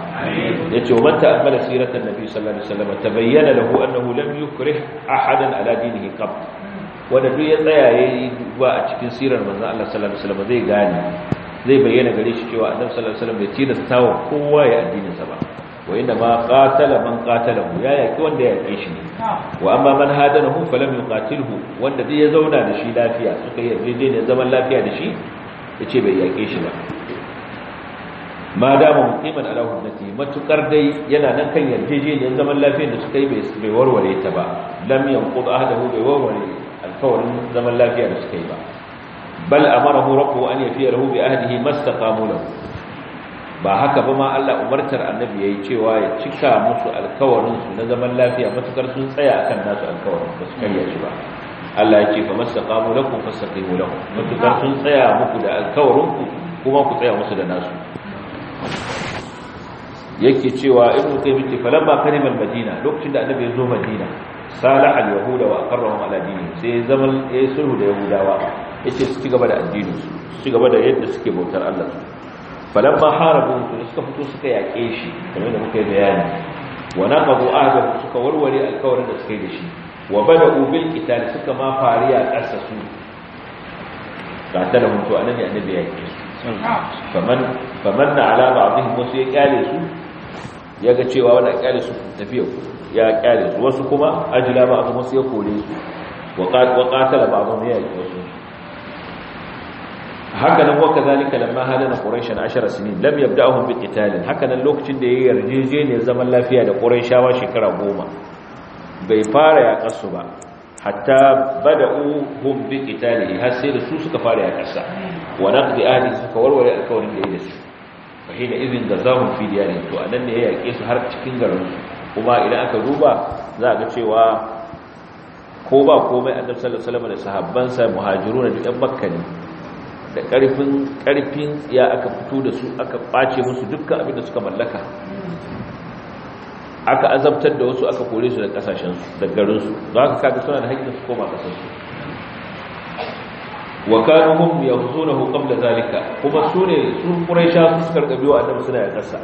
yace wa man ta'ammala siratan nabi sallallahu alaihi wasallam tabayyana lahu annahu lam yukrih ahadan ala dinihi qabl wanda duk ya tsaya yayi duba a cikin sirar manzon Allah sallallahu alaihi wasallam zai gane zai bayyana gare shi cewa annabi sallallahu alaihi wasallam bai tilasta wa kowa ya addinin sa ba wa inda ma qatala man qatalahu ya yaki wanda ya yake shi ne wa amma man hadanahu falam yuqatilhu wanda zai ya zauna da shi lafiya suka yi ne zaman lafiya da shi yace bai yake shi ba ma dama hukiman ala hukunnati matukar dai yana nan kan yarjejeniyar zaman lafiyar da suka yi bai warware ta ba lam yanqud ahdahu bai warware alfawarin zaman lafiya da suka yi ba bal amarahu rabbuhu an yafiya lahu bi ahdihi mastaqamu lahu ba haka ba ma Allah umartar annabi yayi cewa ya cika musu alkawarin su na zaman lafiya matukar sun tsaya akan nasu alkawarin ba su karya shi ba Allah ya ce fa mastaqamu lakum fastaqimu lahum matukar sun tsaya muku da alkawarin ku kuma ku tsaya musu da nasu yake cewa ibn qayyim "Falan falamma karimal madina lokacin da annabi ya zo madina sala al yahuda wa aqarrahum ala dini sai zaman ya sulhu da yahudawa yace su ci gaba da addini su ci gaba da yadda suke bautar Allah falamma harabu to suka fito suka yake shi kamar da muke bayani wa naqadu ahda suka warware alkawarin da suke da shi wa bada'u bil qital suka ma fariya kassasu qatalahum mutu annabi annabi yake faman na alama abin wasu ya kyale su ya ga cewa wani kyale su tafiya ya kyale su wasu kuma ajila ba abin wasu ya kore su wakatala katala ba abin ya yi wasu haka nan waka zalika lamma halin na ƙorashin ashirar sinin lam yabda ahun bi ƙitalin haka nan lokacin da ya yi yarjejeniyar zaman lafiya da shawa shekara goma bai fara yaƙarsu ba hatta bada hum bi qitalihi har sai da su suka fara yaƙarsa wa naqdi ahdi suka warware alkawarin da yake da su fa hina idin da zamu fi diyarin to anan ne ya yake su har cikin garin kuma idan aka duba za ga cewa ko ba komai annabi sallallahu alaihi wasallam da sahabbansa muhajiruna da ɗan makka ne da ƙarfin karfin ya aka fito da su aka bace musu dukkan abin da suka mallaka aka azabtar da wasu aka kore su da kasashensu da garinsu za ka kaga suna da haƙƙin su koma su. wa kanu hum yahzunahu qabla zalika kuma su ne quraisha su karka biyo annabi suna ya kasa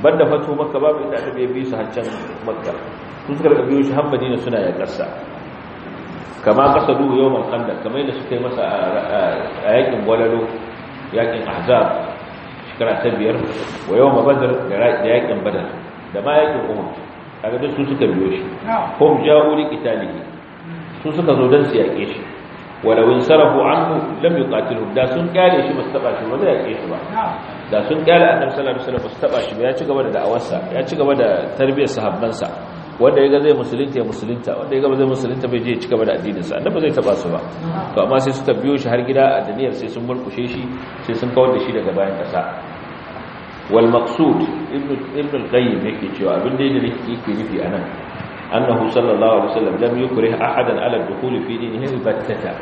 banda fatu makka babu inda annabi ya bi su haccan makka su karka biyo shi har madina suna ya kasa kama kasadu yawmal khandaq kamar yadda suka yi masa a yakin gwalalo yakin ahzab shekara ta biyar wa yawma badr da yakin badar da ma yakin uhud kaga duk su suka biyo shi hum ja'u li qitalihi su suka zo dan su yake shi walau in sarafu anhu lam yuqatiluhum da sun kyale shi basu taba shi ba zai yake shi ba da sun kyale annabi sallallahu alaihi wasallam basu taba shi ba ya ci gaba da da'awarsa ya ci gaba da tarbiyar sahabbansa wanda ya ga zai musulunta ya musulunta wanda ya ga zai musulunta bai je ya ci gaba da addininsa annabi zai taba su ba to amma sai suka biyo shi har gida a daniyar sai sun murkushe shi sai sun kawar da shi daga bayan kasa wal maqsud ibn ibn al-qayyim yake cewa abin da yake nufi anan annahu sallallahu alaihi wasallam lam yukrih ahadan ala dukhuli fi dinihi battata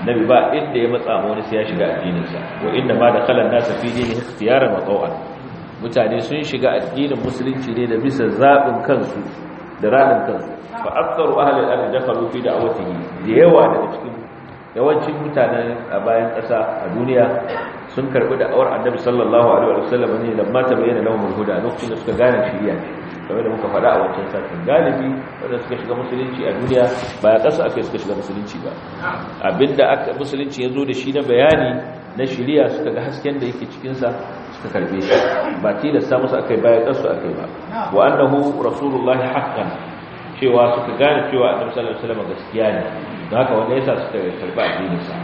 annabi ba inda ya matsa wani sai ya shiga addinin sa wa inna ma da an nasa fi dinihi ikhtiyaran wa taw'an mutane sun shiga addinin musulunci ne da bisa zabin kansu da ranin kansu fa aktsaru ahli al-ard dakhalu fi da'watihi da yawa daga cikin yawancin mutanen a bayan ƙasa a duniya sun karbi da'awar annabi sallallahu alaihi wasallam ne lamma tabayyana lahum al-huda lokacin da suka gane shiriya ne kamar da muka faɗa a wancan satin galibi wanda suka shiga musulunci a duniya ba ya ƙasa aka suka shiga musulunci ba abinda aka musulunci ya zo da shi na bayani na shirya suka ga hasken da yake cikinsa suka karbe shi ba tilasta musu aka yi bayan ƙasa aka yi ba wa annahu rasulullahi haqqan cewa suka gane cewa annabi sallallahu alaihi wasallam gaskiya ne don haka wanda yasa suka karba addinin sa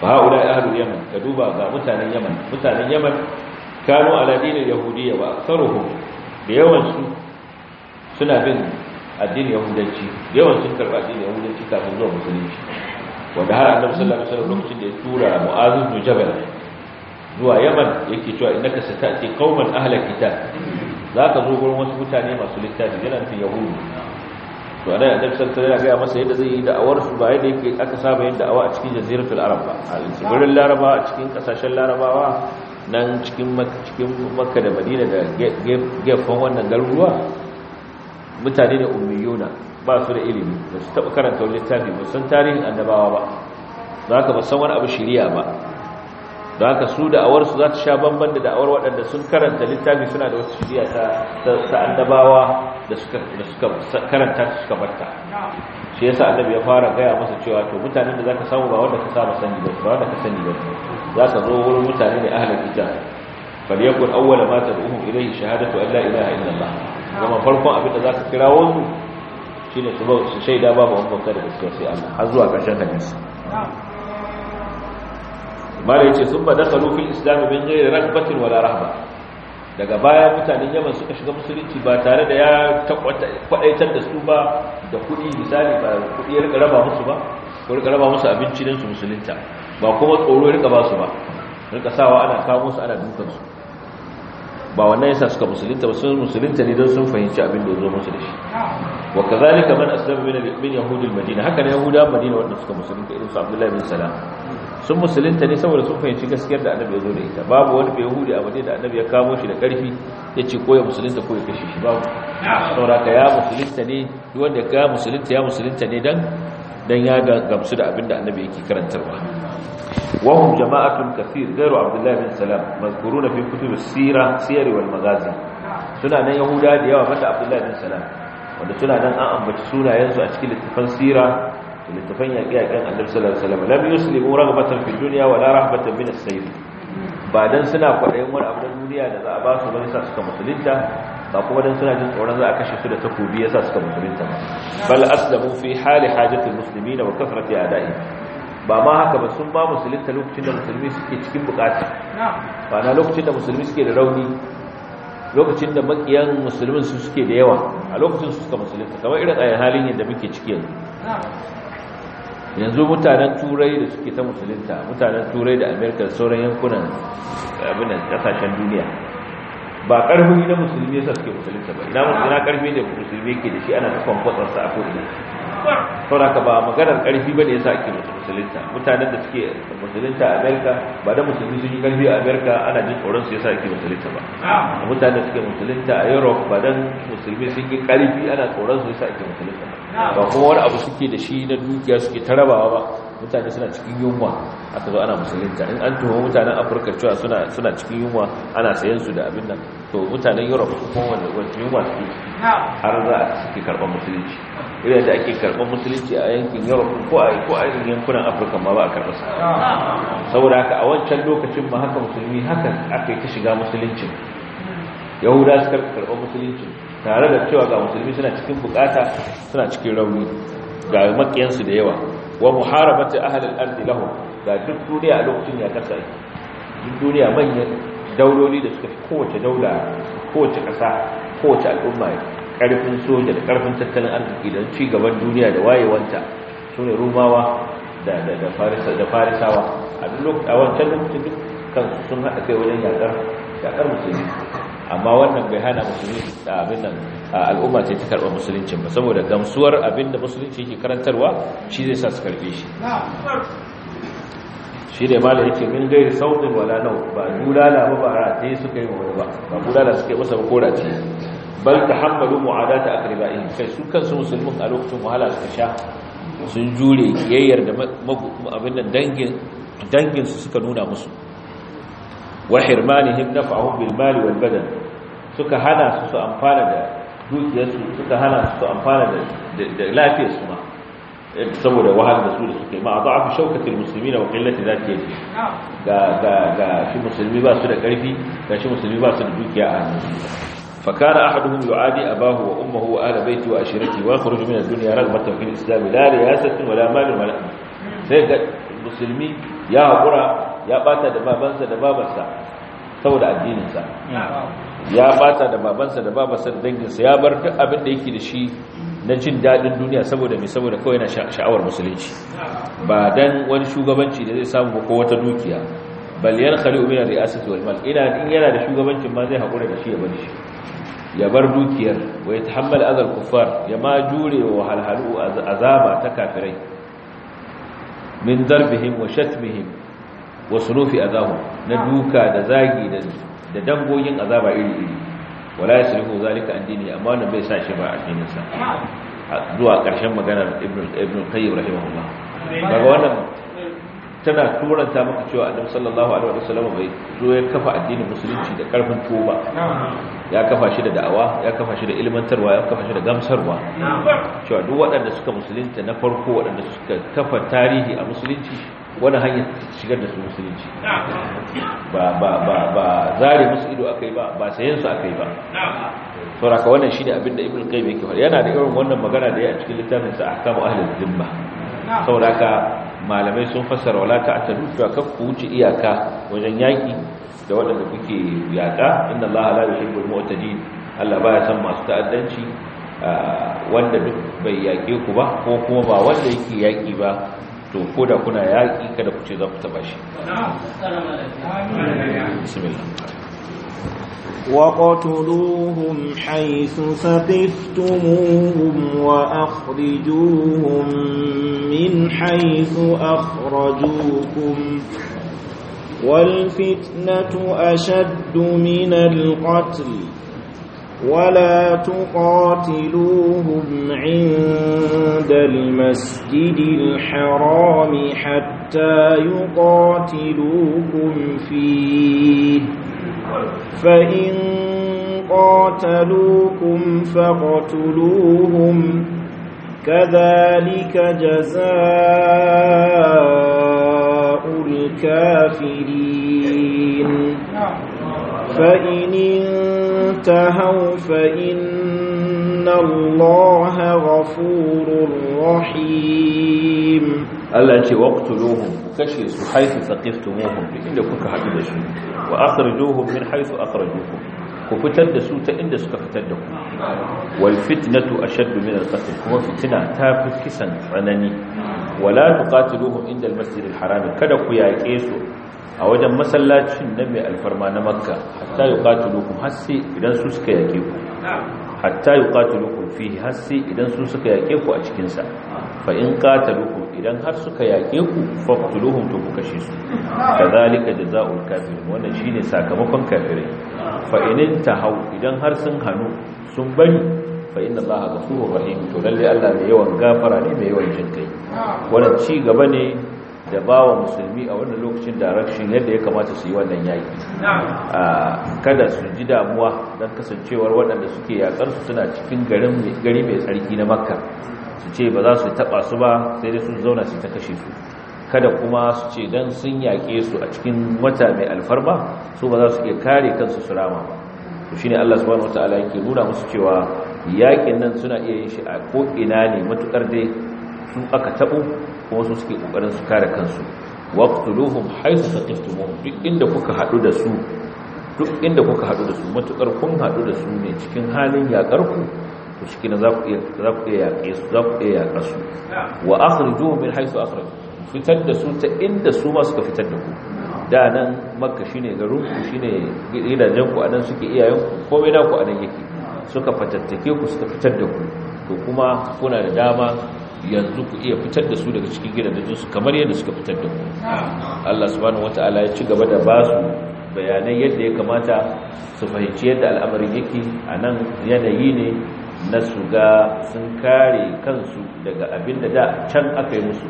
fa haula ahlul yaman ka duba ga mutanen yaman mutanen yaman kanu ala dinil yahudiyya wa aktharuhum da yawansu suna bin addinin yahudanci da yawan karɓa addinin yahudanci kafin zuwa musulunci wanda har annabi sallallahu alaihi wasallam lokacin da ya tura mu'azu bin jabal zuwa yaman yake cewa innaka satati qauman ahla kitab zaka zo gurin wasu mutane masu littafi yana nufin yahudu to anan annabi sallallahu alaihi wasallam ya masa yadda zai yi da'awar su ba yadda yake aka saba yin da'awa a cikin jaziratul arab ba a tsibirin larabawa a cikin kasashen larabawa nan cikin makka da madina da gefen wannan garuruwa mutane da ummiyuna ba su da ilimi da su taɓa karanta wani littafi ba san tarihin annabawa ba za ka san wani abu shirya ba Za haka su da awarsu za ta sha banban da da'awar waɗanda sun karanta littafi suna da wasu shirya ta annabawa da suka karanta su suka barta shi yasa annabi ya fara gaya masa cewa to mutanen da za ka samu ba wanda ka saba sani ba ba wanda ka sani ba za ka zo wurin mutane da ahlul kitab bal yakun awwala ma tad'uhum ilayhi shahadatu an la ilaha illallah kuma farkon abin da za ka kira su shine su su shaida babu wani bauta da gaskiya sai Allah har zuwa ƙarshen hadisi mala yace thumma dakhalu fil islam min ghairi ragbatin wala rahba daga baya mutanen Yaman suka shiga musulunci ba tare da ya kwadaitar da su ba da kuɗi misali ba kuɗi ya raba musu ba ko rika raba musu abinci don su musulunta ba kuma tsoro rika ba su ba rika sawa ana kawo musu ana dukan su ba wannan yasa suka musulunta ba sun musulunta ne don sun fahimci abin da zo musu da shi wa kazalika man aslama min min yahudil madina haka ne yahuda madina wanda suka musulunta irin su abdullahi bin salam sun musulunta ne saboda sun fahimci gaskiyar da annabi ya zo da ita babu wani yahudi a madina da annabi ya kamo shi da karfi ya ce ko ya musulunta ko ya kashe shi babu sauraka ya musulunta ne wanda ya musulunta ya musulunta ne don dan ya gamsu da abinda annabi yake karantarwa wahum jama'atun kathir ghairu abdullahi bin salam na fi kutu da sira siyar wal magazi suna nan yahuda da yawa mata abdullahi bin salam wanda suna nan an ambaci sunayensu a cikin littafan sira da littafan yaƙe-yaƙen annabi sallallahu alaihi wasallam lam yuslimu raghbatan fi dunya wala rahbatan min as-sayf ba dan suna kwaɗayin wani abu na duniya da za a ba su ba sa suka musulunta ba kuma dan suna jin tsoron za a kashe su da takobi yasa suka musulunta bal aslamu fi hali Musulmi muslimina wa kasrati ada'i ba ma haka ba sun ba musulunta lokacin da musulmi suke cikin bukata ba na lokacin da musulmi suke da rauni lokacin da makiyan musulmin su suke da yawa a lokacin su suka musulunta kamar irin ayin halin yadda muke ciki yanzu yanzu mutanen turai da suke ta musulunta mutanen turai da amerika da sauran yankunan abinan kasashen duniya ba karfi na musulmi yasa suke musulunta ba ina musulmi na karfi ne musulmi yake da shi ana da kwankwatsar sa a kodin saboda ka ba maganar karfi bane yasa ake musulunta mutanen da suke musulunta a America ba da musulmi sun yi karfi a America ana jin tsoron su yasa ake musulunta ba mutanen da suke musulunta a Europe ba dan musulmi sun yi karfi ana tsoron su yasa ake musulunta ba ba kuma wani abu suke da shi na dukiya suke tarabawa ba mutane suna cikin yunwa aka zo ana musulunta in an tuhuma mutanen afirka cewa suna cikin yunwa ana sayan su da abin nan to mutanen europe su kuma wanda yunwa su har za a suke karɓar musulunci idan da ake karɓar musulunci a yankin europe ko a ko yankunan afirka ma ba a karɓar su saboda haka a wancan lokacin ma haka musulmi haka aka yi ta shiga musuluncin yahuda su karɓar musuluncin tare da cewa ga musulmi suna cikin bukata suna cikin rauni ga makiyansu da yawa wa muharabati ahli al-ardi lahum ga duk duniya a lokacin ya kasa duk duniya manyan dauloli da suka fi kowace daula kowace kasa kowace al'umma karfin soja da karfin tattalin arziki da ci gaban duniya da wayewanta sune rumawa da da da farisa da farisawa a duk lokacin a wancan lokacin duk sun hada kai wajen yakar yakar musulmi amma wannan bai hana musulunci da abin nan al'umma ce ta karɓar musuluncin ba saboda gamsuwar abin da musulunci yake karantarwa shi zai sa su karɓe shi shi ne ma da yake min gairi sautin wala nau ba gudala ba ba rataye suka yi wani ba ba gudala suka yi masa ko ce bal ta hammalu mu'adata aqribaihim kai su kansu musulmin a lokacin wahala suka sha sun jure kiyayyar da abin nan dangin dangin su suka nuna musu wa hirmanihim naf'ahum bil mali wal badan suka hana su su amfana da dukiyarsu suka hana su su amfana da lafiyar ma saboda wahal da su da suke ma adafu shaukatil muslimina wa qillati zati yadi ga ga ga shi musulmi ba su da karfi ga shi musulmi ba su da dukiya a hannun fa kana ahaduhum yu'adi abahu wa ummuhu wa ahli baiti wa ashirati wa yakhruju min wala sai musulmi ya hakura ya bata da babansa da babarsa saboda addininsa ya bata da babansa da babarsa da danginsa ya bar duk abin da yake da shi na jin daɗin duniya saboda mai saboda kawai na sha'awar musulunci ba dan wani shugabanci da zai samu ko wata dukiya bal yan khali umina ri'asati wal mal ina yana da shugabancin ma zai hakura da shi ya bar shi ya bar dukiyar wa tahammala azal kuffar ya ma jure wa halhalu azaba ta kafirai min darbihim wa shatmihim wasu rufi azabu na ah. duka da zagi da dangogin azaba iri-iri wala ya sulhu zalika addini. amma wannan bai sa shi ba a dininsa zuwa ƙarshen maganar ibn qayyim rahimahullah daga wannan tana turanta maka cewa annabi sallallahu alaihi sallam bai zo ya kafa addinin musulunci da karfin tuba ya kafa shi da da'awa ya kafa shi da ilmantarwa ya kafa shi da gamsarwa cewa duk waɗanda suka musulunta na farko waɗanda suka kafa tarihi a musulunci wani hanyar shigar da su musulunci ba zare musu ido akai ba ba sayen su akai ba ka wannan shine abin da ibnu qayyim yake faɗa yana da irin wannan magana da ya a cikin littafin sa ahkamu ahlul dhimma ka malamai sun fassara wala ta cewa kan ku wuce iyaka wajen yaki da waɗanda kuke yaka inna allaha la wata mu'tadin Allah baya san masu ta'addanci ah, wanda duk bai yaƙe ku ba ko kuma ba wanda yake yaƙi ba to ko da kuna yaƙi kada ku ce za ku taɓa shi وقتلوهم حيث ثقفتموهم وأخرجوهم من حيث أخرجوكم والفتنة أشد من القتل ولا تقاتلوهم عند المسجد الحرام حتى يقاتلوكم فيه فإن قاتلوكم فاقتلوهم كذلك جزاء الكافرين فإن انتهوا فإن الله غفور رحيم Allah ce waqtuluhum kashe su haythu saqiftumuhum duk inda kuka haɗu da su wa akhrijuhum min haythu akhrajukum ku fitar da su ta inda suka fitar da ku wal fitnatu ashaddu min al qatl kuma fitina ta fi kisan tsanani wala tuqatiluhum inda al haram kada ku yaƙe su a wajen masallacin na mai alfarma na makka hatta yi ƙatulukun hasse idan su suka yake ku hatta yi ƙatulukun fi hasse idan su suka yake ku a cikinsa fa’in in idan har suka yake ku faktuluhun to ku kashe su ka zalika da za'ul kafin wannan shi ne sakamakon kafirai fa ta hau idan har sun hannu sun bari da za a ghafurur rahim to lalle allah mai yawan gafara ne mai yawan jinkai wannan ci gaba ne da ba wa musulmi a wannan lokacin direction yadda ya kamata su yi wannan yaƙi kada su ji damuwa don kasancewar waɗanda suke su suna cikin gari mai tsarki na makka su ce ba za su taɓa su ba sai dai sun zauna su ta kashe su kada kuma su ce don sun yaƙe su a cikin wata mai alfarma su ba za su iya kare kansu su rama ba shi ne Allah subhanahu wataala yake nuna musu cewa yaƙin nan suna iya yin shi a ko ina ne matuƙar dai sun aka taɓo ko su suke kokarin su kare kansu waqtuluhum haythu taqiftumuhum duk inda kuka hadu da su duk inda kuka hadu da su matukar kun hadu da su ne cikin halin yakar ku to cikin za ku iya za ku iya yaƙe su za ku iya yaƙa su wa akhrijuhum min haythu akhraju fitar da su ta inda su ma suka fitar da ku da nan makka shine garin ku shine gidajen ku a nan suke iyayen ku komai da ku a nan yake suka fatattake ku suka fitar da ku to kuma kuna da dama yanzu ku iya fitar da su daga cikin gidajensu kamar yadda suka fitar da ku Allah subhanahu wataala ya ci gaba da ba su bayanai yadda ya kamata su fahimci yadda al'amarin yake a nan yanayi ne na su ga sun kare kansu daga abin da can aka yi musu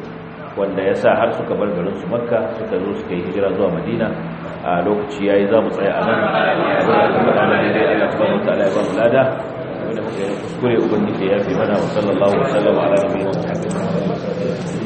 wanda ya sa har suka bar garinsu makka suka zo suka yi hijira zuwa madina a lokaci ya yi za mu tsaya a nan a wani alaƙa da ya ba mu lada abinda muka yi kuskure ubangiji ya fi mana wa sallallahu alaihi wa sallam ala muhammad